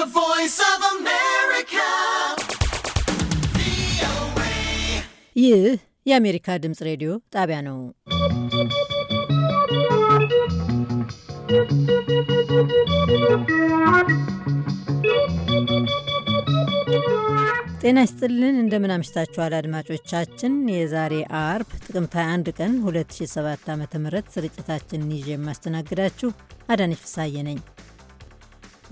The voice of America. ይህ የአሜሪካ ድምፅ ሬዲዮ ጣቢያ ነው። ጤና ይስጥልን፣ እንደምን አምሽታችኋል አድማጮቻችን። የዛሬ አርብ ጥቅምት 21 ቀን 2007 ዓ ም ስርጭታችንን ይዤ የማስተናግዳችሁ አዳነች ፍሳዬ ነኝ።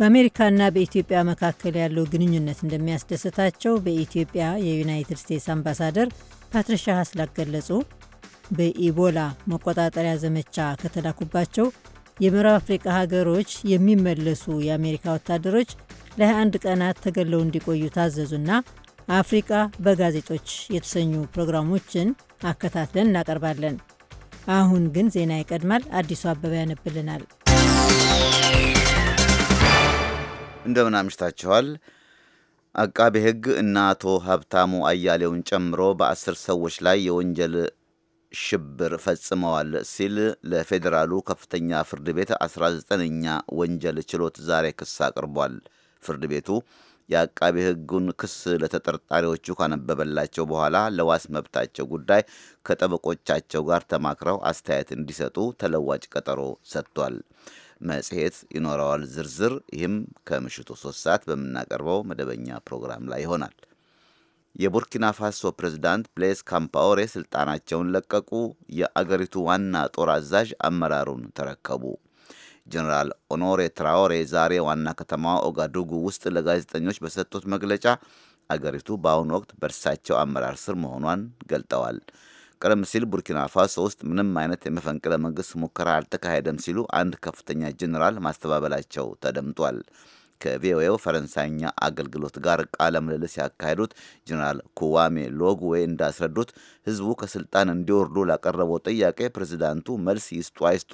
በአሜሪካና በኢትዮጵያ መካከል ያለው ግንኙነት እንደሚያስደስታቸው በኢትዮጵያ የዩናይትድ ስቴትስ አምባሳደር ፓትሪሻ ሀስላክ ገለጹ። በኢቦላ መቆጣጠሪያ ዘመቻ ከተላኩባቸው የምዕራብ አፍሪቃ ሀገሮች የሚመለሱ የአሜሪካ ወታደሮች ለ21 ቀናት ተገለው እንዲቆዩ ታዘዙና አፍሪቃ በጋዜጦች የተሰኙ ፕሮግራሞችን አከታትለን እናቀርባለን። አሁን ግን ዜና ይቀድማል። አዲሱ አበባ ያነብልናል። እንደምን አምሽታችኋል። አቃቤ ሕግ እና አቶ ሀብታሙ አያሌውን ጨምሮ በአስር ሰዎች ላይ የወንጀል ሽብር ፈጽመዋል ሲል ለፌዴራሉ ከፍተኛ ፍርድ ቤት 19ኛ ወንጀል ችሎት ዛሬ ክስ አቅርቧል። ፍርድ ቤቱ የአቃቤ ሕጉን ክስ ለተጠርጣሪዎቹ ካነበበላቸው በኋላ ለዋስ መብታቸው ጉዳይ ከጠበቆቻቸው ጋር ተማክረው አስተያየት እንዲሰጡ ተለዋጭ ቀጠሮ ሰጥቷል። መጽሔት ይኖረዋል። ዝርዝር ይህም ከምሽቱ ሶስት ሰዓት በምናቀርበው መደበኛ ፕሮግራም ላይ ይሆናል። የቡርኪና ፋሶ ፕሬዝዳንት ብሌዝ ካምፓወሬ ስልጣናቸውን ለቀቁ። የአገሪቱ ዋና ጦር አዛዥ አመራሩን ተረከቡ። ጀኔራል ኦኖሬ ትራኦሬ ዛሬ ዋና ከተማ ኦጋዱጉ ውስጥ ለጋዜጠኞች በሰጡት መግለጫ አገሪቱ በአሁኑ ወቅት በእርሳቸው አመራር ስር መሆኗን ገልጠዋል። ቀደም ሲል ቡርኪና ፋሶ ውስጥ ምንም አይነት የመፈንቅለ መንግስት ሙከራ አልተካሄደም ሲሉ አንድ ከፍተኛ ጀኔራል ማስተባበላቸው ተደምጧል። ከቪኦኤው ፈረንሳይኛ አገልግሎት ጋር ቃለ ምልልስ ያካሄዱት ጀኔራል ኩዋሜ ሎጉዌ እንዳስረዱት ህዝቡ ከስልጣን እንዲወርዱ ላቀረበው ጥያቄ ፕሬዚዳንቱ መልስ ይስጡ አይስጡ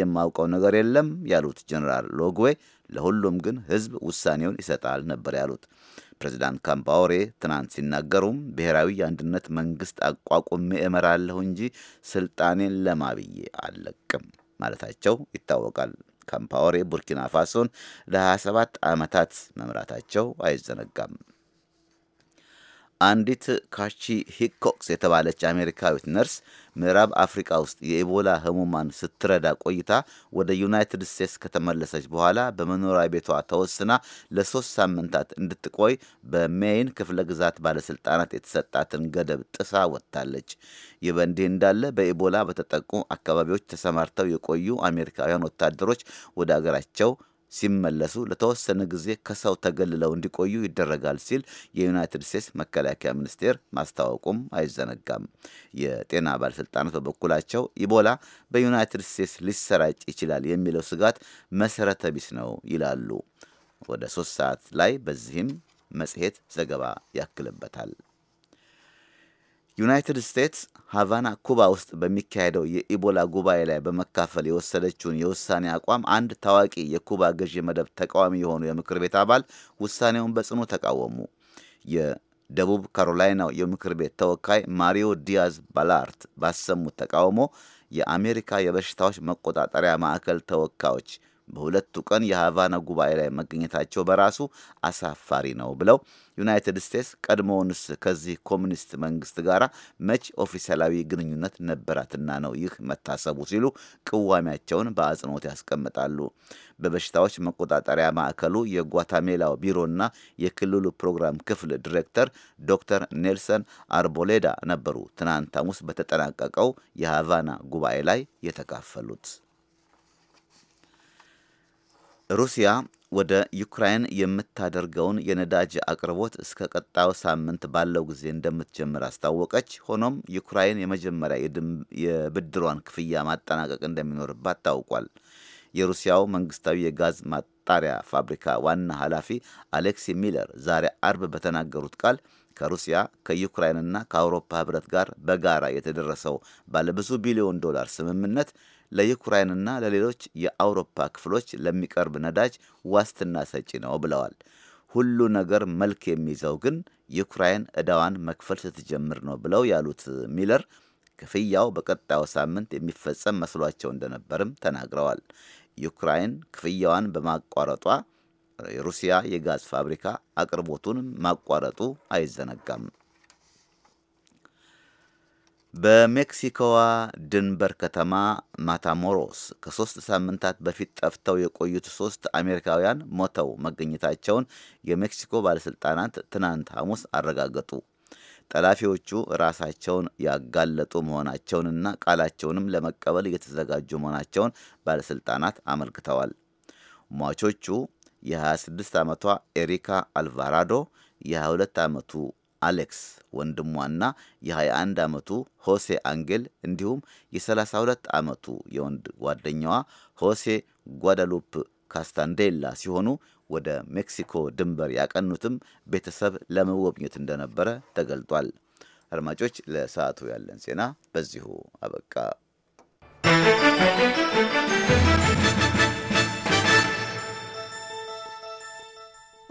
የማውቀው ነገር የለም ያሉት ጀኔራል ሎጉዌ፣ ለሁሉም ግን ህዝብ ውሳኔውን ይሰጣል ነበር ያሉት። ፕሬዚዳንት ካምፓወሬ ትናንት ሲናገሩም ብሔራዊ የአንድነት መንግስት አቋቁሜ እመራለሁ እንጂ ስልጣኔን ለማብዬ አልለቅም ማለታቸው ይታወቃል። ካምፓወሬ ቡርኪና ፋሶን ለ27 ዓመታት መምራታቸው አይዘነጋም። አንዲት ካቺ ሂኮክስ የተባለች አሜሪካዊት ነርስ ምዕራብ አፍሪካ ውስጥ የኢቦላ ህሙማን ስትረዳ ቆይታ ወደ ዩናይትድ ስቴትስ ከተመለሰች በኋላ በመኖሪያ ቤቷ ተወስና ለሶስት ሳምንታት እንድትቆይ በሜይን ክፍለ ግዛት ባለስልጣናት የተሰጣትን ገደብ ጥሳ ወጥታለች። ይህ በእንዲህ እንዳለ በኢቦላ በተጠቁ አካባቢዎች ተሰማርተው የቆዩ አሜሪካውያን ወታደሮች ወደ አገራቸው ሲመለሱ ለተወሰነ ጊዜ ከሰው ተገልለው እንዲቆዩ ይደረጋል ሲል የዩናይትድ ስቴትስ መከላከያ ሚኒስቴር ማስታወቁም አይዘነጋም። የጤና ባለሥልጣናት በበኩላቸው ኢቦላ በዩናይትድ ስቴትስ ሊሰራጭ ይችላል የሚለው ስጋት መሰረተ ቢስ ነው ይላሉ። ወደ ሶስት ሰዓት ላይ በዚህም መጽሔት ዘገባ ያክልበታል። ዩናይትድ ስቴትስ ሃቫና ኩባ ውስጥ በሚካሄደው የኢቦላ ጉባኤ ላይ በመካፈል የወሰደችውን የውሳኔ አቋም አንድ ታዋቂ የኩባ ገዢ መደብ ተቃዋሚ የሆኑ የምክር ቤት አባል ውሳኔውን በጽኑ ተቃወሙ። የደቡብ ካሮላይናው የምክር ቤት ተወካይ ማሪዮ ዲያዝ ባላርት ባሰሙት ተቃውሞ የአሜሪካ የበሽታዎች መቆጣጠሪያ ማዕከል ተወካዮች በሁለቱ ቀን የሃቫና ጉባኤ ላይ መገኘታቸው በራሱ አሳፋሪ ነው ብለው ዩናይትድ ስቴትስ ቀድሞውንስ ከዚህ ኮሚኒስት መንግስት ጋር መች ኦፊሴላዊ ግንኙነት ነበራትና ነው ይህ መታሰቡ ሲሉ ቅዋሚያቸውን በአጽንኦት ያስቀምጣሉ። በበሽታዎች መቆጣጠሪያ ማዕከሉ የጓታሜላው ቢሮና የክልሉ ፕሮግራም ክፍል ዲሬክተር ዶክተር ኔልሰን አርቦሌዳ ነበሩ ትናንት ሐሙስ በተጠናቀቀው የሃቫና ጉባኤ ላይ የተካፈሉት። ሩሲያ ወደ ዩክራይን የምታደርገውን የነዳጅ አቅርቦት እስከ ቀጣዩ ሳምንት ባለው ጊዜ እንደምትጀምር አስታወቀች። ሆኖም ዩክራይን የመጀመሪያ የብድሯን ክፍያ ማጠናቀቅ እንደሚኖርባት ታውቋል። የሩሲያው መንግስታዊ የጋዝ ማጣሪያ ፋብሪካ ዋና ኃላፊ አሌክሲ ሚለር ዛሬ አርብ በተናገሩት ቃል ከሩሲያ ከዩክራይንና ከአውሮፓ ህብረት ጋር በጋራ የተደረሰው ባለብዙ ቢሊዮን ዶላር ስምምነት ለዩክራይንና ለሌሎች የአውሮፓ ክፍሎች ለሚቀርብ ነዳጅ ዋስትና ሰጪ ነው ብለዋል። ሁሉ ነገር መልክ የሚይዘው ግን ዩክራይን ዕዳዋን መክፈል ስትጀምር ነው ብለው ያሉት ሚለር ክፍያው በቀጣዩ ሳምንት የሚፈጸም መስሏቸው እንደነበርም ተናግረዋል። ዩክራይን ክፍያዋን በማቋረጧ የሩሲያ የጋዝ ፋብሪካ አቅርቦቱን ማቋረጡ አይዘነጋም። በሜክሲኮዋ ድንበር ከተማ ማታሞሮስ ከሶስት ሳምንታት በፊት ጠፍተው የቆዩት ሶስት አሜሪካውያን ሞተው መገኘታቸውን የሜክሲኮ ባለሥልጣናት ትናንት ሐሙስ አረጋገጡ። ጠላፊዎቹ ራሳቸውን ያጋለጡ መሆናቸውንና ቃላቸውንም ለመቀበል እየተዘጋጁ መሆናቸውን ባለሥልጣናት አመልክተዋል። ሟቾቹ የ26 ዓመቷ ኤሪካ አልቫራዶ፣ የ22 ዓመቱ አሌክስ ወንድሟና የ21 ዓመቱ ሆሴ አንጌል እንዲሁም የ32 ዓመቱ የወንድ ጓደኛዋ ሆሴ ጓዳሉፕ ካስታንዴላ ሲሆኑ ወደ ሜክሲኮ ድንበር ያቀኑትም ቤተሰብ ለመጎብኘት እንደነበረ ተገልጧል። አድማጮች፣ ለሰዓቱ ያለን ዜና በዚሁ አበቃ።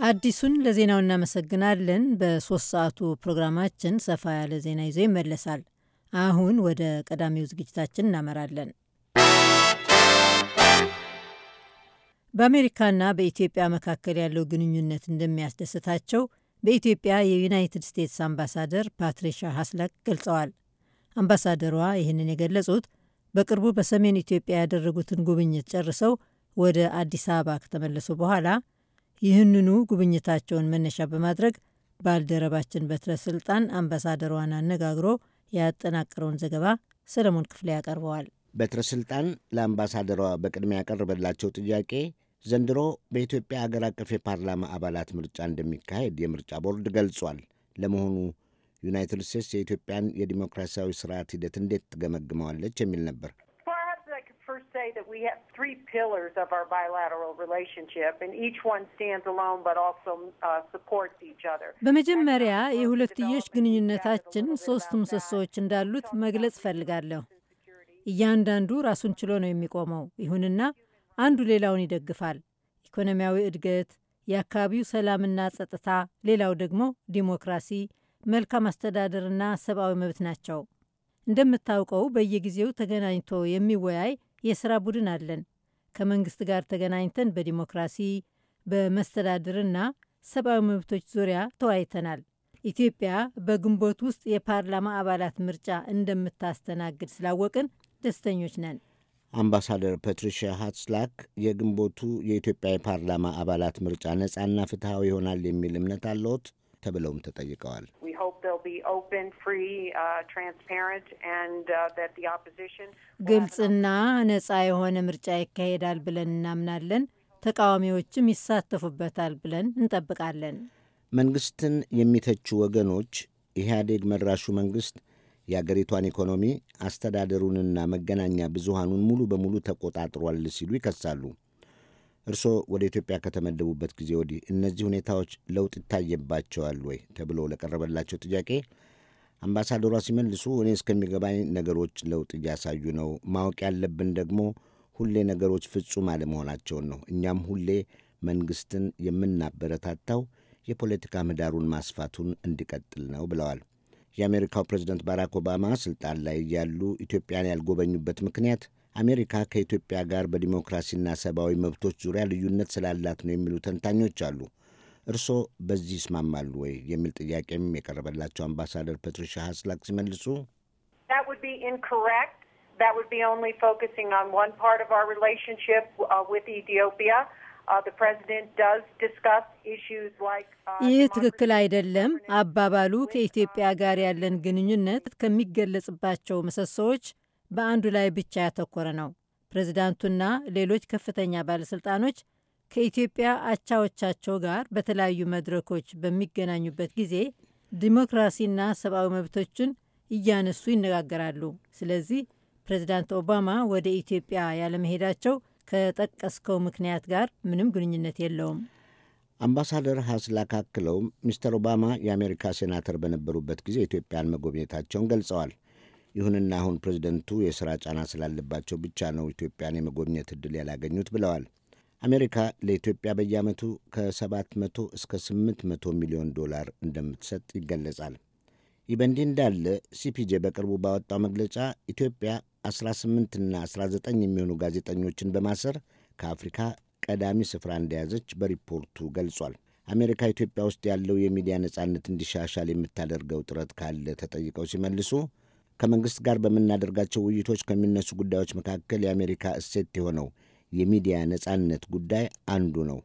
አዲሱን ለዜናው እናመሰግናለን። በሶስት ሰዓቱ ፕሮግራማችን ሰፋ ያለ ዜና ይዞ ይመለሳል። አሁን ወደ ቀዳሚው ዝግጅታችን እናመራለን። በአሜሪካና በኢትዮጵያ መካከል ያለው ግንኙነት እንደሚያስደስታቸው በኢትዮጵያ የዩናይትድ ስቴትስ አምባሳደር ፓትሪሻ ሀስላክ ገልጸዋል። አምባሳደሯ ይህንን የገለጹት በቅርቡ በሰሜን ኢትዮጵያ ያደረጉትን ጉብኝት ጨርሰው ወደ አዲስ አበባ ከተመለሱ በኋላ ይህንኑ ጉብኝታቸውን መነሻ በማድረግ ባልደረባችን በትረ ስልጣን አምባሳደሯን አነጋግሮ ያጠናቀረውን ዘገባ ሰለሞን ክፍሌ ያቀርበዋል። በትረ ስልጣን ለአምባሳደሯ በቅድሚያ ያቀረበላቸው ጥያቄ ዘንድሮ በኢትዮጵያ አገር አቀፍ የፓርላማ አባላት ምርጫ እንደሚካሄድ የምርጫ ቦርድ ገልጿል። ለመሆኑ ዩናይትድ ስቴትስ የኢትዮጵያን የዲሞክራሲያዊ ስርዓት ሂደት እንዴት ትገመግመዋለች? የሚል ነበር። three pillars of our bilateral relationship, and each one stands alone but also uh, supports each other. በመጀመሪያ የሁለትዮሽ ግንኙነታችን ሶስት ምሰሶዎች እንዳሉት መግለጽ uh, ፈልጋለሁ። እያንዳንዱ ራሱን ችሎ ነው የሚቆመው። ይሁንና አንዱ ሌላውን ይደግፋል። ኢኮኖሚያዊ እድገት፣ የአካባቢው ሰላምና ጸጥታ፣ ሌላው ደግሞ ዲሞክራሲ፣ መልካም አስተዳደርና ሰብአዊ መብት ናቸው። እንደምታውቀው በየጊዜው ተገናኝቶ የሚወያይ የስራ ቡድን አለን። ከመንግስት ጋር ተገናኝተን በዲሞክራሲ በመስተዳድርና ሰብአዊ መብቶች ዙሪያ ተወያይተናል። ኢትዮጵያ በግንቦት ውስጥ የፓርላማ አባላት ምርጫ እንደምታስተናግድ ስላወቅን ደስተኞች ነን። አምባሳደር ፓትሪሺያ ሃትስላክ የግንቦቱ የኢትዮጵያ የፓርላማ አባላት ምርጫ ነጻና ፍትሐዊ ይሆናል የሚል እምነት አለዎት? ተብለውም ተጠይቀዋል። uh, uh, ግልጽና ነጻ የሆነ ምርጫ ይካሄዳል ብለን እናምናለን። ተቃዋሚዎችም ይሳተፉበታል ብለን እንጠብቃለን። መንግስትን የሚተቹ ወገኖች ኢህአዴግ መራሹ መንግስት የአገሪቷን ኢኮኖሚ አስተዳደሩንና መገናኛ ብዙሃኑን ሙሉ በሙሉ ተቆጣጥሯል ሲሉ ይከሳሉ። እርስዎ ወደ ኢትዮጵያ ከተመደቡበት ጊዜ ወዲህ እነዚህ ሁኔታዎች ለውጥ ይታየባቸዋል ወይ ተብሎ ለቀረበላቸው ጥያቄ አምባሳደሯ ሲመልሱ እኔ እስከሚገባኝ ነገሮች ለውጥ እያሳዩ ነው። ማወቅ ያለብን ደግሞ ሁሌ ነገሮች ፍጹም አለመሆናቸውን ነው። እኛም ሁሌ መንግስትን የምናበረታታው የፖለቲካ ምህዳሩን ማስፋቱን እንዲቀጥል ነው ብለዋል። የአሜሪካው ፕሬዚደንት ባራክ ኦባማ ስልጣን ላይ ያሉ ኢትዮጵያን ያልጎበኙበት ምክንያት አሜሪካ ከኢትዮጵያ ጋር በዲሞክራሲና ሰብአዊ መብቶች ዙሪያ ልዩነት ስላላት ነው የሚሉ ተንታኞች አሉ። እርስዎ በዚህ ይስማማሉ ወይ የሚል ጥያቄም የቀረበላቸው አምባሳደር ፐትሪሻ ሀስላክ ሲመልሱ uh, uh, uh, ይህ ትክክል አይደለም። አባባሉ ከኢትዮጵያ ጋር ያለን ግንኙነት ከሚገለጽባቸው ምሰሶዎች በአንዱ ላይ ብቻ ያተኮረ ነው። ፕሬዚዳንቱና ሌሎች ከፍተኛ ባለሥልጣኖች ከኢትዮጵያ አቻዎቻቸው ጋር በተለያዩ መድረኮች በሚገናኙበት ጊዜ ዲሞክራሲና ሰብአዊ መብቶችን እያነሱ ይነጋገራሉ። ስለዚህ ፕሬዚዳንት ኦባማ ወደ ኢትዮጵያ ያለመሄዳቸው ከጠቀስከው ምክንያት ጋር ምንም ግንኙነት የለውም። አምባሳደር ሀስላክ አክለውም ሚስተር ኦባማ የአሜሪካ ሴናተር በነበሩበት ጊዜ ኢትዮጵያን መጎብኘታቸውን ገልጸዋል። ይሁንና አሁን ፕሬዚደንቱ የሥራ ጫና ስላለባቸው ብቻ ነው ኢትዮጵያን የመጎብኘት ዕድል ያላገኙት ብለዋል። አሜሪካ ለኢትዮጵያ በየዓመቱ ከ700 እስከ 800 ሚሊዮን ዶላር እንደምትሰጥ ይገለጻል። ይህ በእንዲህ እንዳለ ሲፒጄ በቅርቡ ባወጣው መግለጫ ኢትዮጵያ 18ና 19 የሚሆኑ ጋዜጠኞችን በማሰር ከአፍሪካ ቀዳሚ ስፍራ እንደያዘች በሪፖርቱ ገልጿል። አሜሪካ ኢትዮጵያ ውስጥ ያለው የሚዲያ ነጻነት እንዲሻሻል የምታደርገው ጥረት ካለ ተጠይቀው ሲመልሱ ከመንግሥት ጋር በምናደርጋቸው ውይይቶች ከሚነሱ ጉዳዮች መካከል የአሜሪካ እሴት የሆነው የሚዲያ ነጻነት ጉዳይ አንዱ ነው።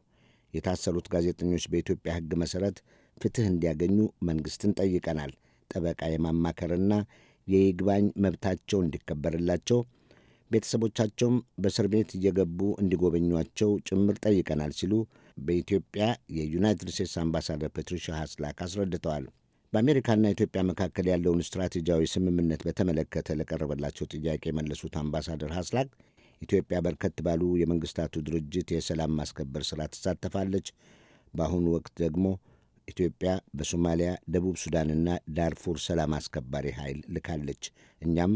የታሰሩት ጋዜጠኞች በኢትዮጵያ ሕግ መሠረት ፍትሕ እንዲያገኙ መንግሥትን ጠይቀናል። ጠበቃ የማማከርና የይግባኝ መብታቸው እንዲከበርላቸው፣ ቤተሰቦቻቸውም በእስር ቤት እየገቡ እንዲጎበኟቸው ጭምር ጠይቀናል ሲሉ በኢትዮጵያ የዩናይትድ ስቴትስ አምባሳደር ፔትሪሻ ሀስላክ አስረድተዋል። በአሜሪካና ኢትዮጵያ መካከል ያለውን ስትራቴጂያዊ ስምምነት በተመለከተ ለቀረበላቸው ጥያቄ የመለሱት አምባሳደር ሀስላክ ኢትዮጵያ በርከት ባሉ የመንግስታቱ ድርጅት የሰላም ማስከበር ሥራ ትሳተፋለች። በአሁኑ ወቅት ደግሞ ኢትዮጵያ በሶማሊያ፣ ደቡብ ሱዳንና ዳርፉር ሰላም አስከባሪ ኃይል ልካለች። እኛም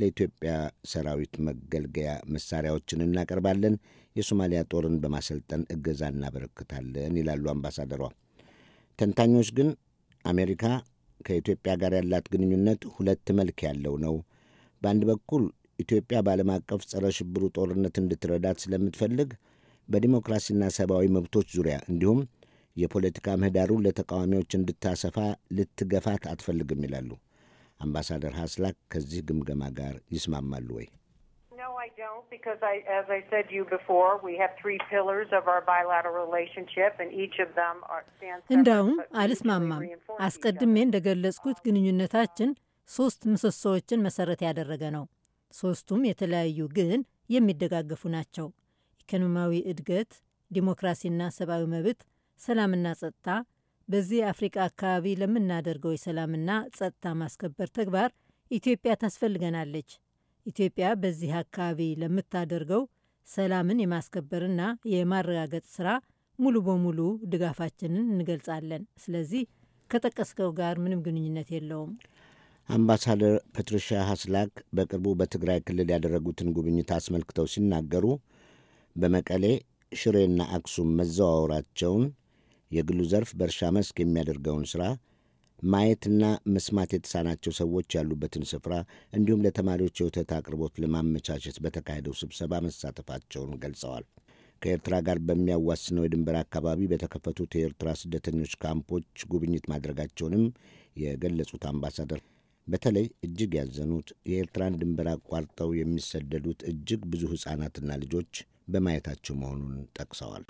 ለኢትዮጵያ ሰራዊት መገልገያ መሳሪያዎችን እናቀርባለን። የሶማሊያ ጦርን በማሰልጠን እገዛ እናበረክታለን ይላሉ አምባሳደሯ። ተንታኞች ግን አሜሪካ ከኢትዮጵያ ጋር ያላት ግንኙነት ሁለት መልክ ያለው ነው። በአንድ በኩል ኢትዮጵያ በዓለም አቀፍ ጸረ ሽብሩ ጦርነት እንድትረዳት ስለምትፈልግ በዲሞክራሲና ሰብአዊ መብቶች ዙሪያ እንዲሁም የፖለቲካ ምህዳሩን ለተቃዋሚዎች እንድታሰፋ ልትገፋት አትፈልግም ይላሉ። አምባሳደር ሀስላክ ከዚህ ግምገማ ጋር ይስማማሉ ወይ? because I, as I said to you before, we have three pillars of our bilateral relationship, and each of them are እንዳውም አልስማማም። አስቀድሜ እንደገለጽኩት ግንኙነታችን ሶስት ምሰሶዎችን መሰረት ያደረገ ነው። ሶስቱም የተለያዩ ግን የሚደጋገፉ ናቸው። ኢኮኖሚያዊ እድገት፣ ዲሞክራሲና ሰብአዊ መብት፣ ሰላምና ጸጥታ። በዚህ የአፍሪቃ አካባቢ ለምናደርገው የሰላምና ጸጥታ ማስከበር ተግባር ኢትዮጵያ ታስፈልገናለች። ኢትዮጵያ በዚህ አካባቢ ለምታደርገው ሰላምን የማስከበርና የማረጋገጥ ስራ ሙሉ በሙሉ ድጋፋችንን እንገልጻለን። ስለዚህ ከጠቀስከው ጋር ምንም ግንኙነት የለውም። አምባሳደር ፐትሪሻ ሀስላክ በቅርቡ በትግራይ ክልል ያደረጉትን ጉብኝት አስመልክተው ሲናገሩ በመቀሌ ሽሬና አክሱም መዘዋወራቸውን፣ የግሉ ዘርፍ በእርሻ መስክ የሚያደርገውን ስራ ማየትና መስማት የተሳናቸው ሰዎች ያሉበትን ስፍራ እንዲሁም ለተማሪዎች የወተት አቅርቦት ለማመቻቸት በተካሄደው ስብሰባ መሳተፋቸውን ገልጸዋል። ከኤርትራ ጋር በሚያዋስነው የድንበር አካባቢ በተከፈቱት የኤርትራ ስደተኞች ካምፖች ጉብኝት ማድረጋቸውንም የገለጹት አምባሳደር በተለይ እጅግ ያዘኑት የኤርትራን ድንበር አቋርጠው የሚሰደዱት እጅግ ብዙ ሕፃናትና ልጆች በማየታቸው መሆኑን ጠቅሰዋል።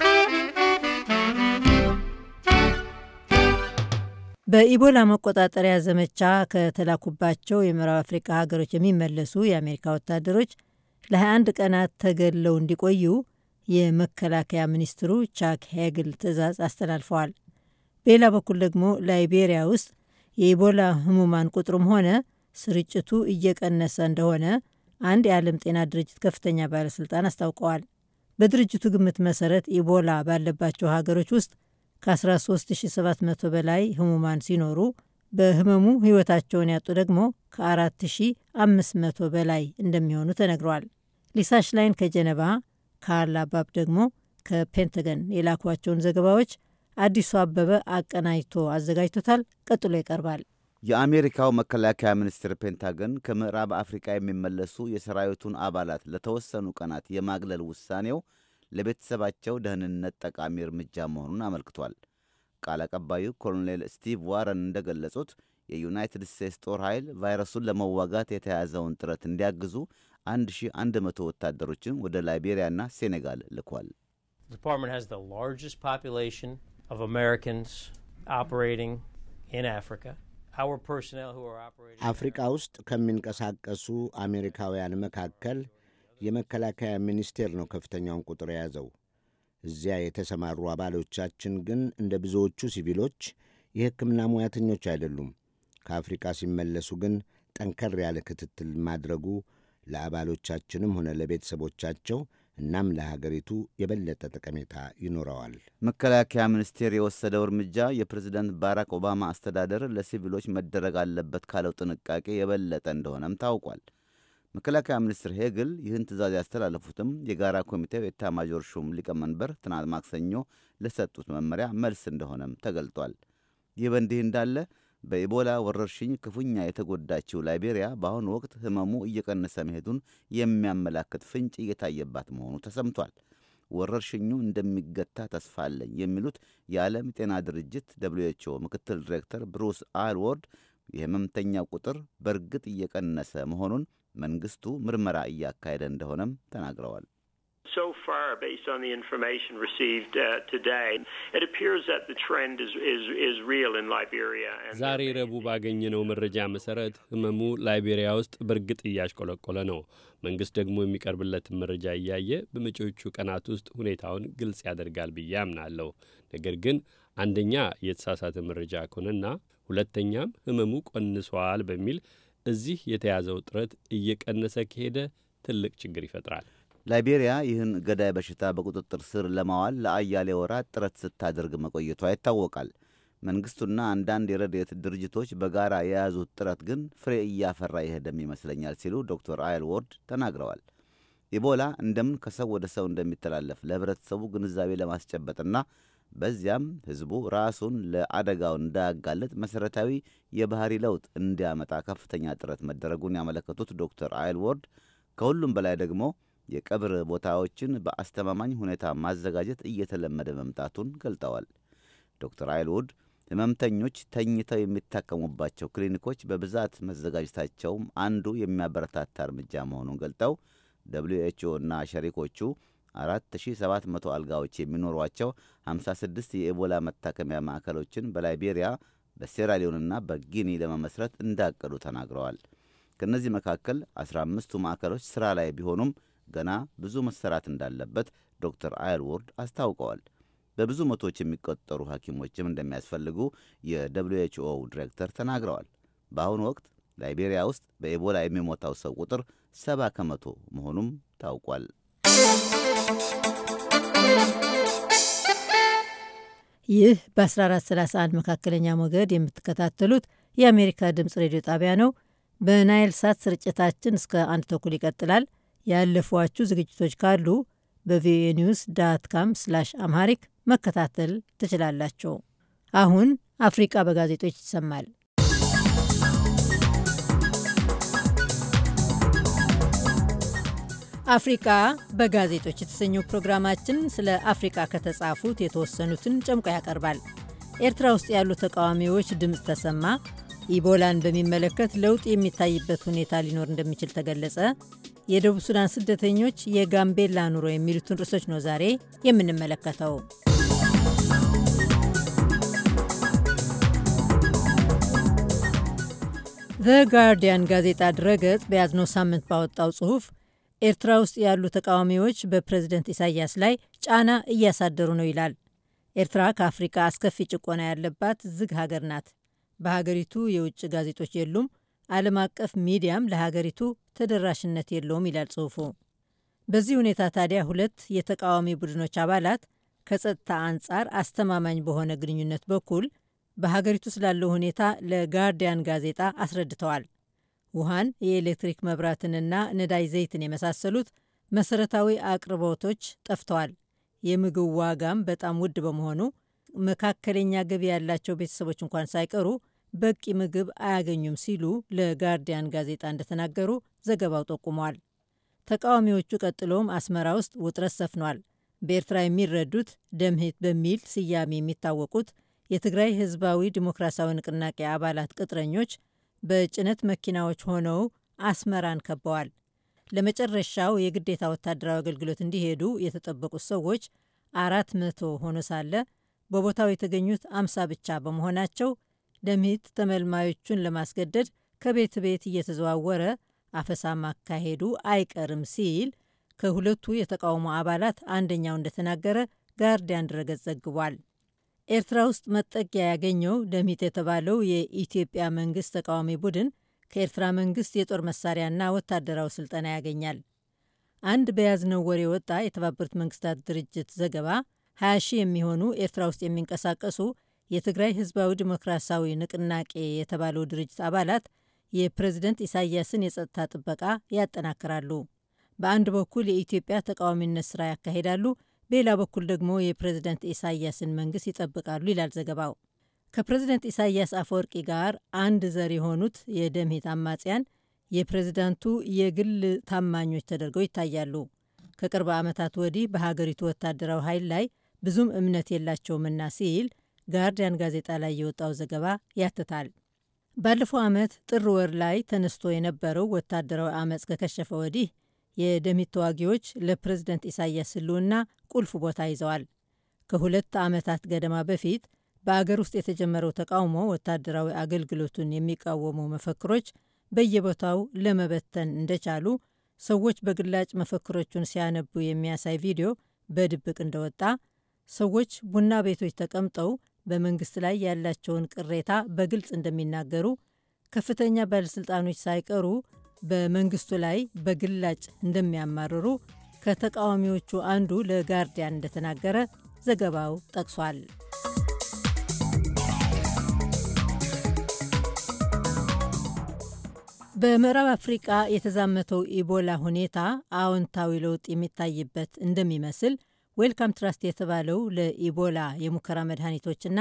በኢቦላ መቆጣጠሪያ ዘመቻ ከተላኩባቸው የምዕራብ አፍሪካ ሀገሮች የሚመለሱ የአሜሪካ ወታደሮች ለ21 ቀናት ተገለው እንዲቆዩ የመከላከያ ሚኒስትሩ ቻክ ሄግል ትዕዛዝ አስተላልፈዋል። በሌላ በኩል ደግሞ ላይቤሪያ ውስጥ የኢቦላ ህሙማን ቁጥርም ሆነ ስርጭቱ እየቀነሰ እንደሆነ አንድ የዓለም ጤና ድርጅት ከፍተኛ ባለሥልጣን አስታውቀዋል። በድርጅቱ ግምት መሰረት ኢቦላ ባለባቸው ሀገሮች ውስጥ ከ13700 በላይ ህሙማን ሲኖሩ በህመሙ ህይወታቸውን ያጡ ደግሞ ከ4500 በላይ እንደሚሆኑ ተነግሯል። ሊሳ ሽላይን ከጀነባ፣ ካርል አባብ ደግሞ ከፔንተገን የላኳቸውን ዘገባዎች አዲሱ አበበ አቀናጅቶ አዘጋጅቶታል። ቀጥሎ ይቀርባል። የአሜሪካው መከላከያ ሚኒስትር ፔንታገን ከምዕራብ አፍሪካ የሚመለሱ የሰራዊቱን አባላት ለተወሰኑ ቀናት የማግለል ውሳኔው ለቤተሰባቸው ደህንነት ጠቃሚ እርምጃ መሆኑን አመልክቷል። ቃል አቀባዩ ኮሎኔል ስቲቭ ዋረን እንደገለጹት የዩናይትድ ስቴትስ ጦር ኃይል ቫይረሱን ለመዋጋት የተያዘውን ጥረት እንዲያግዙ 1100 ወታደሮችን ወደ ላይቤሪያና ሴኔጋል ልኳል። አፍሪቃ ውስጥ ከሚንቀሳቀሱ አሜሪካውያን መካከል የመከላከያ ሚኒስቴር ነው ከፍተኛውን ቁጥር የያዘው። እዚያ የተሰማሩ አባሎቻችን ግን እንደ ብዙዎቹ ሲቪሎች የሕክምና ሙያተኞች አይደሉም። ከአፍሪቃ ሲመለሱ ግን ጠንከር ያለ ክትትል ማድረጉ ለአባሎቻችንም ሆነ ለቤተሰቦቻቸው እናም ለሀገሪቱ የበለጠ ጠቀሜታ ይኖረዋል። መከላከያ ሚኒስቴር የወሰደው እርምጃ የፕሬዝደንት ባራክ ኦባማ አስተዳደር ለሲቪሎች መደረግ አለበት ካለው ጥንቃቄ የበለጠ እንደሆነም ታውቋል። መከላከያ ሚኒስትር ሄግል ይህን ትዕዛዝ ያስተላለፉትም የጋራ ኮሚቴው የኤታማዦር ሹም ሊቀመንበር ትናንት ማክሰኞ ለሰጡት መመሪያ መልስ እንደሆነም ተገልጧል። ይህ በእንዲህ እንዳለ በኢቦላ ወረርሽኝ ክፉኛ የተጎዳችው ላይቤሪያ በአሁኑ ወቅት ህመሙ እየቀነሰ መሄዱን የሚያመላክት ፍንጭ እየታየባት መሆኑ ተሰምቷል። ወረርሽኙ እንደሚገታ ተስፋ አለኝ የሚሉት የዓለም ጤና ድርጅት ደብልዩ ኤች ኦ ምክትል ዲሬክተር ብሩስ አልዎርድ የህመምተኛው ቁጥር በእርግጥ እየቀነሰ መሆኑን መንግስቱ ምርመራ እያካሄደ እንደሆነም ተናግረዋል። So far, based on the information received uh, today, it appears that the trend is, is, is real in Liberia. ዛሬ ረቡዕ ባገኘነው መረጃ መሰረት ህመሙ ላይቤሪያ ውስጥ በእርግጥ እያሽቆለቆለ ነው። መንግስት ደግሞ የሚቀርብለትን መረጃ እያየ በመጪዎቹ ቀናት ውስጥ ሁኔታውን ግልጽ ያደርጋል ብዬ አምናለሁ። ነገር ግን አንደኛ የተሳሳተ መረጃ ከሆነና ሁለተኛም ህመሙ ቆንሷል በሚል እዚህ የተያዘው ጥረት እየቀነሰ ከሄደ ትልቅ ችግር ይፈጥራል። ላይቤሪያ ይህን ገዳይ በሽታ በቁጥጥር ስር ለማዋል ለአያሌ ወራት ጥረት ስታደርግ መቆየቷ ይታወቃል። መንግስቱና አንዳንድ የረድኤት ድርጅቶች በጋራ የያዙት ጥረት ግን ፍሬ እያፈራ ይሄደም ይመስለኛል ሲሉ ዶክተር አይልዎርድ ተናግረዋል። ኢቦላ እንደምን ከሰው ወደ ሰው እንደሚተላለፍ ለህብረተሰቡ ግንዛቤ ለማስጨበጥና በዚያም ሕዝቡ ራሱን ለአደጋው እንዳያጋለጥ መሠረታዊ የባህሪ ለውጥ እንዲያመጣ ከፍተኛ ጥረት መደረጉን ያመለከቱት ዶክተር አይልወርድ ከሁሉም በላይ ደግሞ የቀብር ቦታዎችን በአስተማማኝ ሁኔታ ማዘጋጀት እየተለመደ መምጣቱን ገልጠዋል። ዶክተር አይልውድ ህመምተኞች ተኝተው የሚታከሙባቸው ክሊኒኮች በብዛት መዘጋጀታቸውም አንዱ የሚያበረታታ እርምጃ መሆኑን ገልጠው ደብሊዩ ኤች ኦ እና ሸሪኮቹ 4700 አልጋዎች የሚኖሯቸው 56 የኢቦላ መታከሚያ ማዕከሎችን በላይቤሪያ በሴራሊዮንና በጊኒ ለመመስረት እንዳቀዱ ተናግረዋል። ከእነዚህ መካከል 15ቱ ማዕከሎች ሥራ ላይ ቢሆኑም ገና ብዙ መሰራት እንዳለበት ዶክተር አይልዎርድ አስታውቀዋል። በብዙ መቶዎች የሚቆጠሩ ሐኪሞችም እንደሚያስፈልጉ የደብሊው ኤች ኦ ዲሬክተር ተናግረዋል። በአሁኑ ወቅት ላይቤሪያ ውስጥ በኢቦላ የሚሞታው ሰው ቁጥር ሰባ ከመቶ መሆኑም ታውቋል። ይህ በ1431 መካከለኛ ሞገድ የምትከታተሉት የአሜሪካ ድምፅ ሬዲዮ ጣቢያ ነው። በናይል ሳት ስርጭታችን እስከ አንድ ተኩል ይቀጥላል። ያለፏችሁ ዝግጅቶች ካሉ በቪኦኤ ኒውስ ዳት ካም ስላሽ አምሃሪክ መከታተል ትችላላችሁ። አሁን አፍሪቃ በጋዜጦች ይሰማል። አፍሪቃ በጋዜጦች የተሰኘው ፕሮግራማችን ስለ አፍሪቃ ከተጻፉት የተወሰኑትን ጨምቆ ያቀርባል። ኤርትራ ውስጥ ያሉ ተቃዋሚዎች ድምፅ ተሰማ፣ ኢቦላን በሚመለከት ለውጥ የሚታይበት ሁኔታ ሊኖር እንደሚችል ተገለጸ፣ የደቡብ ሱዳን ስደተኞች፣ የጋምቤላ ኑሮ የሚሉትን ርዕሶች ነው ዛሬ የምንመለከተው። ዘ ጋርዲያን ጋዜጣ ድረገጽ በያዝነው ሳምንት ባወጣው ጽሑፍ ኤርትራ ውስጥ ያሉ ተቃዋሚዎች በፕሬዝደንት ኢሳያስ ላይ ጫና እያሳደሩ ነው ይላል። ኤርትራ ከአፍሪካ አስከፊ ጭቆና ያለባት ዝግ ሀገር ናት። በሀገሪቱ የውጭ ጋዜጦች የሉም፣ ዓለም አቀፍ ሚዲያም ለሀገሪቱ ተደራሽነት የለውም ይላል ጽሑፉ። በዚህ ሁኔታ ታዲያ ሁለት የተቃዋሚ ቡድኖች አባላት ከጸጥታ አንጻር አስተማማኝ በሆነ ግንኙነት በኩል በሀገሪቱ ስላለው ሁኔታ ለጋርዲያን ጋዜጣ አስረድተዋል። ውሃን፣ የኤሌክትሪክ መብራትንና ነዳጅ ዘይትን የመሳሰሉት መሰረታዊ አቅርቦቶች ጠፍተዋል። የምግብ ዋጋም በጣም ውድ በመሆኑ መካከለኛ ገቢ ያላቸው ቤተሰቦች እንኳን ሳይቀሩ በቂ ምግብ አያገኙም ሲሉ ለጋርዲያን ጋዜጣ እንደተናገሩ ዘገባው ጠቁሟል። ተቃዋሚዎቹ ቀጥሎም አስመራ ውስጥ ውጥረት ሰፍኗል። በኤርትራ የሚረዱት ደምሄት በሚል ስያሜ የሚታወቁት የትግራይ ሕዝባዊ ዲሞክራሲያዊ ንቅናቄ አባላት ቅጥረኞች በጭነት መኪናዎች ሆነው አስመራን ከበዋል። ለመጨረሻው የግዴታ ወታደራዊ አገልግሎት እንዲሄዱ የተጠበቁት ሰዎች አራት መቶ ሆኖ ሳለ በቦታው የተገኙት አምሳ ብቻ በመሆናቸው ደምሂት ተመልማዮቹን ለማስገደድ ከቤት ቤት እየተዘዋወረ አፈሳ ማካሄዱ አይቀርም ሲል ከሁለቱ የተቃውሞ አባላት አንደኛው እንደተናገረ ጋርዲያን ድረገጽ ዘግቧል። ኤርትራ ውስጥ መጠጊያ ያገኘው ደሚት የተባለው የኢትዮጵያ መንግስት ተቃዋሚ ቡድን ከኤርትራ መንግስት የጦር መሳሪያና ወታደራዊ ስልጠና ያገኛል። አንድ በያዝነው ወር የወጣ የተባበሩት መንግስታት ድርጅት ዘገባ 20 ሺህ የሚሆኑ ኤርትራ ውስጥ የሚንቀሳቀሱ የትግራይ ህዝባዊ ዲሞክራሲያዊ ንቅናቄ የተባለው ድርጅት አባላት የፕሬዝደንት ኢሳያስን የጸጥታ ጥበቃ ያጠናክራሉ። በአንድ በኩል የኢትዮጵያ ተቃዋሚነት ስራ ያካሂዳሉ፣ በሌላ በኩል ደግሞ የፕሬዝደንት ኢሳያስን መንግስት ይጠብቃሉ ይላል ዘገባው። ከፕሬዝደንት ኢሳያስ አፈወርቂ ጋር አንድ ዘር የሆኑት የደምሂት አማጽያን የፕሬዝዳንቱ የግል ታማኞች ተደርገው ይታያሉ። ከቅርብ ዓመታት ወዲህ በሀገሪቱ ወታደራዊ ኃይል ላይ ብዙም እምነት የላቸውምና ሲል ጋርዲያን ጋዜጣ ላይ የወጣው ዘገባ ያትታል። ባለፈው ዓመት ጥር ወር ላይ ተነስቶ የነበረው ወታደራዊ አመፅ ከከሸፈ ወዲህ የደሚት ተዋጊዎች ለፕሬዝደንት ኢሳያስ ህልውና ቁልፍ ቦታ ይዘዋል። ከሁለት ዓመታት ገደማ በፊት በአገር ውስጥ የተጀመረው ተቃውሞ ወታደራዊ አገልግሎቱን የሚቃወሙ መፈክሮች በየቦታው ለመበተን እንደቻሉ ሰዎች በግላጭ መፈክሮቹን ሲያነቡ የሚያሳይ ቪዲዮ በድብቅ እንደወጣ፣ ሰዎች ቡና ቤቶች ተቀምጠው በመንግስት ላይ ያላቸውን ቅሬታ በግልጽ እንደሚናገሩ፣ ከፍተኛ ባለሥልጣኖች ሳይቀሩ በመንግስቱ ላይ በግላጭ እንደሚያማርሩ ከተቃዋሚዎቹ አንዱ ለጋርዲያን እንደተናገረ ዘገባው ጠቅሷል። በምዕራብ አፍሪቃ የተዛመተው ኢቦላ ሁኔታ አዎንታዊ ለውጥ የሚታይበት እንደሚመስል ዌልካም ትራስት የተባለው ለኢቦላ የሙከራ መድኃኒቶችና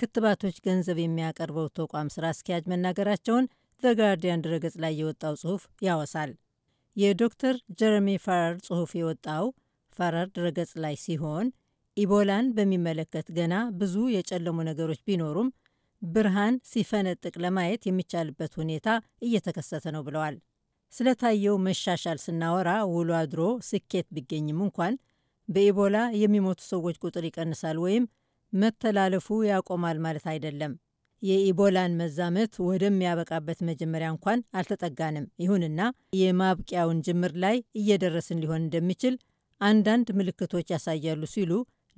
ክትባቶች ገንዘብ የሚያቀርበው ተቋም ስራ አስኪያጅ መናገራቸውን ጋርዲያን ድረገጽ ላይ የወጣው ጽሑፍ ያወሳል። የዶክተር ጀረሚ ፈረር ጽሑፍ የወጣው ፈረር ድረገጽ ላይ ሲሆን ኢቦላን በሚመለከት ገና ብዙ የጨለሙ ነገሮች ቢኖሩም ብርሃን ሲፈነጥቅ ለማየት የሚቻልበት ሁኔታ እየተከሰተ ነው ብለዋል። ስለታየው መሻሻል ስናወራ ውሎ አድሮ ስኬት ቢገኝም እንኳን በኢቦላ የሚሞቱ ሰዎች ቁጥር ይቀንሳል ወይም መተላለፉ ያቆማል ማለት አይደለም። የኢቦላን መዛመት ወደሚያበቃበት መጀመሪያ እንኳን አልተጠጋንም። ይሁንና የማብቂያውን ጅምር ላይ እየደረስን ሊሆን እንደሚችል አንዳንድ ምልክቶች ያሳያሉ ሲሉ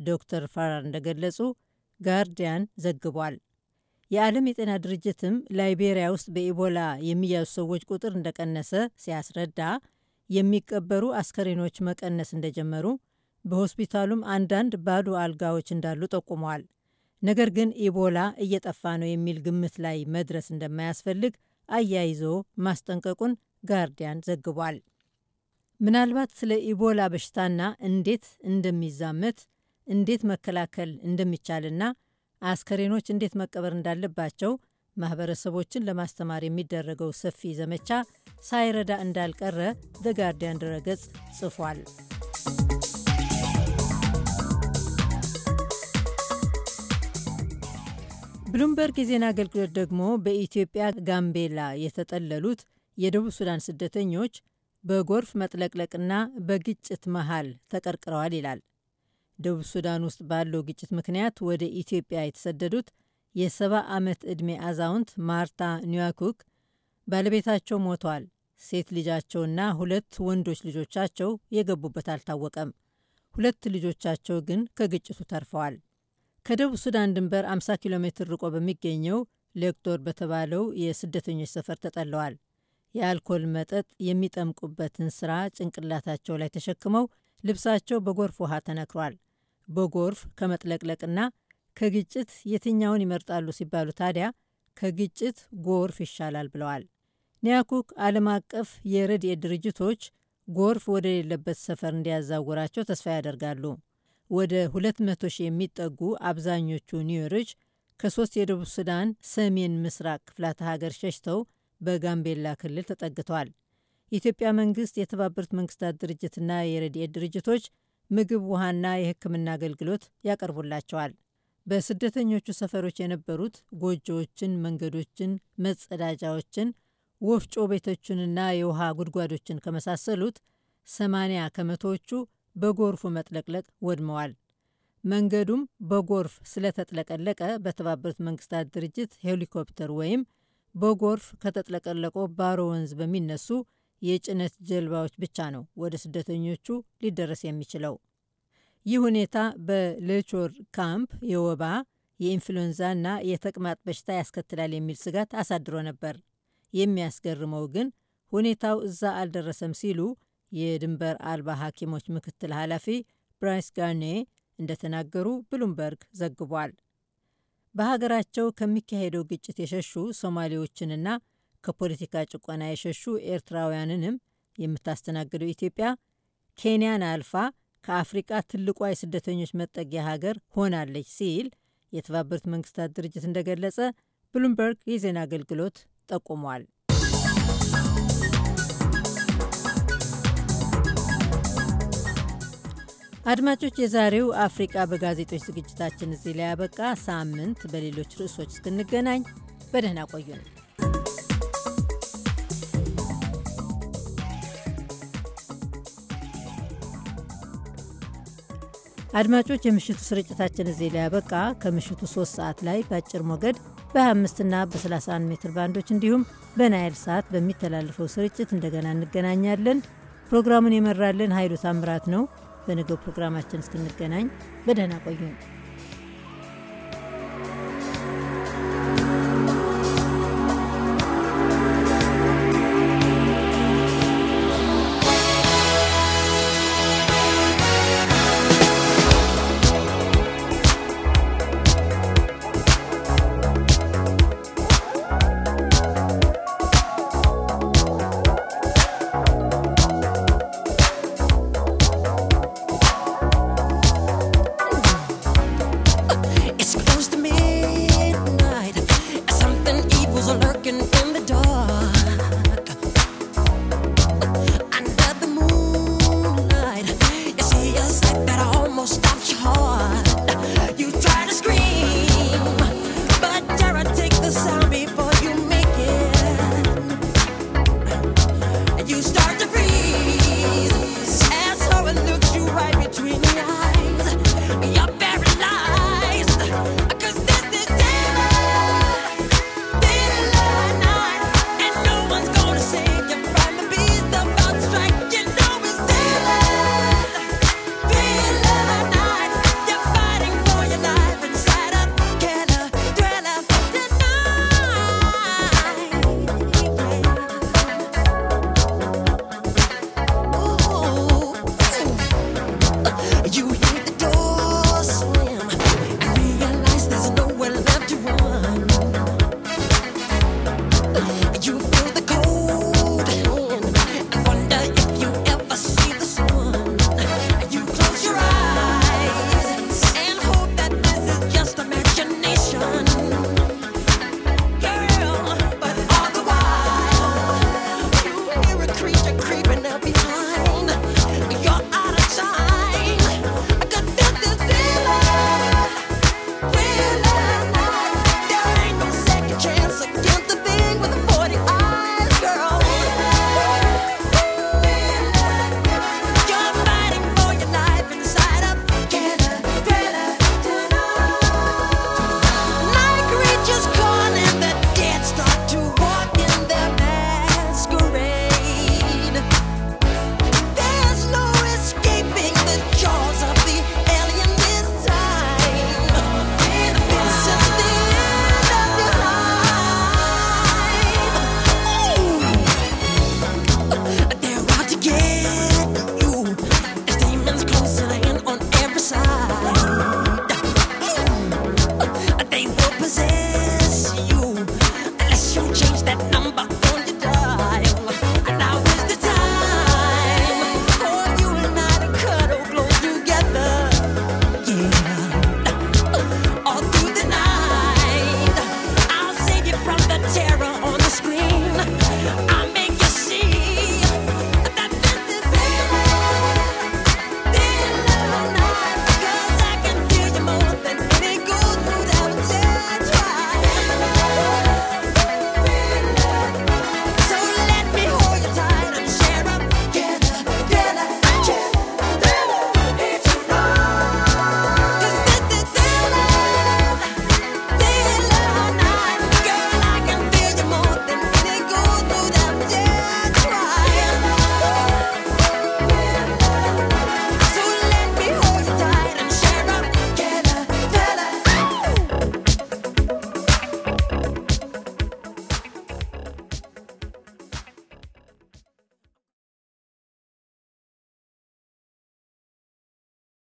ዶክተር ፋራር እንደገለጹ ጋርዲያን ዘግቧል። የዓለም የጤና ድርጅትም ላይቤሪያ ውስጥ በኢቦላ የሚያዙ ሰዎች ቁጥር እንደቀነሰ ሲያስረዳ የሚቀበሩ አስከሬኖች መቀነስ እንደጀመሩ፣ በሆስፒታሉም አንዳንድ ባዶ አልጋዎች እንዳሉ ጠቁመዋል። ነገር ግን ኢቦላ እየጠፋ ነው የሚል ግምት ላይ መድረስ እንደማያስፈልግ አያይዞ ማስጠንቀቁን ጋርዲያን ዘግቧል። ምናልባት ስለ ኢቦላ በሽታና እንዴት እንደሚዛመት እንዴት መከላከል እንደሚቻልና አስከሬኖች እንዴት መቀበር እንዳለባቸው ማህበረሰቦችን ለማስተማር የሚደረገው ሰፊ ዘመቻ ሳይረዳ እንዳልቀረ ዘጋርዲያን ድረገጽ ጽፏል። ብሉምበርግ የዜና አገልግሎት ደግሞ በኢትዮጵያ ጋምቤላ የተጠለሉት የደቡብ ሱዳን ስደተኞች በጎርፍ መጥለቅለቅና በግጭት መሃል ተቀርቅረዋል ይላል። ደቡብ ሱዳን ውስጥ ባለው ግጭት ምክንያት ወደ ኢትዮጵያ የተሰደዱት የሰባ ዓመት ዕድሜ አዛውንት ማርታ ኒዋኩክ ባለቤታቸው ሞተዋል፣ ሴት ልጃቸውና ሁለት ወንዶች ልጆቻቸው የገቡበት አልታወቀም። ሁለት ልጆቻቸው ግን ከግጭቱ ተርፈዋል። ከደቡብ ሱዳን ድንበር 50 ኪሎ ሜትር ርቆ በሚገኘው ሌክቶር በተባለው የስደተኞች ሰፈር ተጠለዋል። የአልኮል መጠጥ የሚጠምቁበትን ስራ ጭንቅላታቸው ላይ ተሸክመው ልብሳቸው በጎርፍ ውሃ ተነክሯል። በጎርፍ ከመጥለቅለቅና ከግጭት የትኛውን ይመርጣሉ ሲባሉ ታዲያ ከግጭት ጎርፍ ይሻላል ብለዋል። ኒያኩክ ዓለም አቀፍ የረድኤት ድርጅቶች ጎርፍ ወደሌለበት ሰፈር እንዲያዛውራቸው ተስፋ ያደርጋሉ። ወደ 200 ሺህ የሚጠጉ አብዛኞቹ ኒዮሮች ከሶስት የደቡብ ሱዳን ሰሜን ምስራቅ ክፍላተ ሀገር ሸሽተው በጋምቤላ ክልል ተጠግተዋል። የኢትዮጵያ መንግስት፣ የተባበሩት መንግስታት ድርጅትና የረድኤት ድርጅቶች ምግብ፣ ውሃና የሕክምና አገልግሎት ያቀርቡላቸዋል። በስደተኞቹ ሰፈሮች የነበሩት ጎጆዎችን፣ መንገዶችን፣ መጸዳጃዎችን፣ ወፍጮ ቤቶችንና የውሃ ጉድጓዶችን ከመሳሰሉት 80 ከመቶዎቹ በጎርፉ መጥለቅለቅ ወድመዋል። መንገዱም በጎርፍ ስለተጥለቀለቀ በተባበሩት መንግስታት ድርጅት ሄሊኮፕተር ወይም በጎርፍ ከተጥለቀለቀው ባሮ ወንዝ በሚነሱ የጭነት ጀልባዎች ብቻ ነው ወደ ስደተኞቹ ሊደረስ የሚችለው። ይህ ሁኔታ በሌቾር ካምፕ የወባ የኢንፍሉዌንዛና የተቅማጥ በሽታ ያስከትላል የሚል ስጋት አሳድሮ ነበር። የሚያስገርመው ግን ሁኔታው እዛ አልደረሰም ሲሉ የድንበር አልባ ሐኪሞች ምክትል ኃላፊ ብራይስ ጋርኔ እንደተናገሩ ብሉምበርግ ዘግቧል። በሀገራቸው ከሚካሄደው ግጭት የሸሹ ሶማሌዎችንና ከፖለቲካ ጭቆና የሸሹ ኤርትራውያንንም የምታስተናግደው ኢትዮጵያ ኬንያን አልፋ ከአፍሪቃ ትልቋ የስደተኞች መጠጊያ ሀገር ሆናለች ሲል የተባበሩት መንግስታት ድርጅት እንደገለጸ ብሉምበርግ የዜና አገልግሎት ጠቁሟል። አድማጮች፣ የዛሬው አፍሪቃ በጋዜጦች ዝግጅታችን እዚህ ላይ ያበቃ። ሳምንት በሌሎች ርዕሶች እስክንገናኝ በደህና ቆዩን። አድማጮች፣ የምሽቱ ስርጭታችን እዚህ ላይ ያበቃ። ከምሽቱ 3 ሰዓት ላይ በአጭር ሞገድ በ25 እና በ31 ሜትር ባንዶች እንዲሁም በናይል ሰዓት በሚተላለፈው ስርጭት እንደገና እንገናኛለን። ፕሮግራሙን የመራልን ኃይሉ ታምራት ነው። በነገው ፕሮግራማችን እስክንገናኝ በደህና ቆዩን።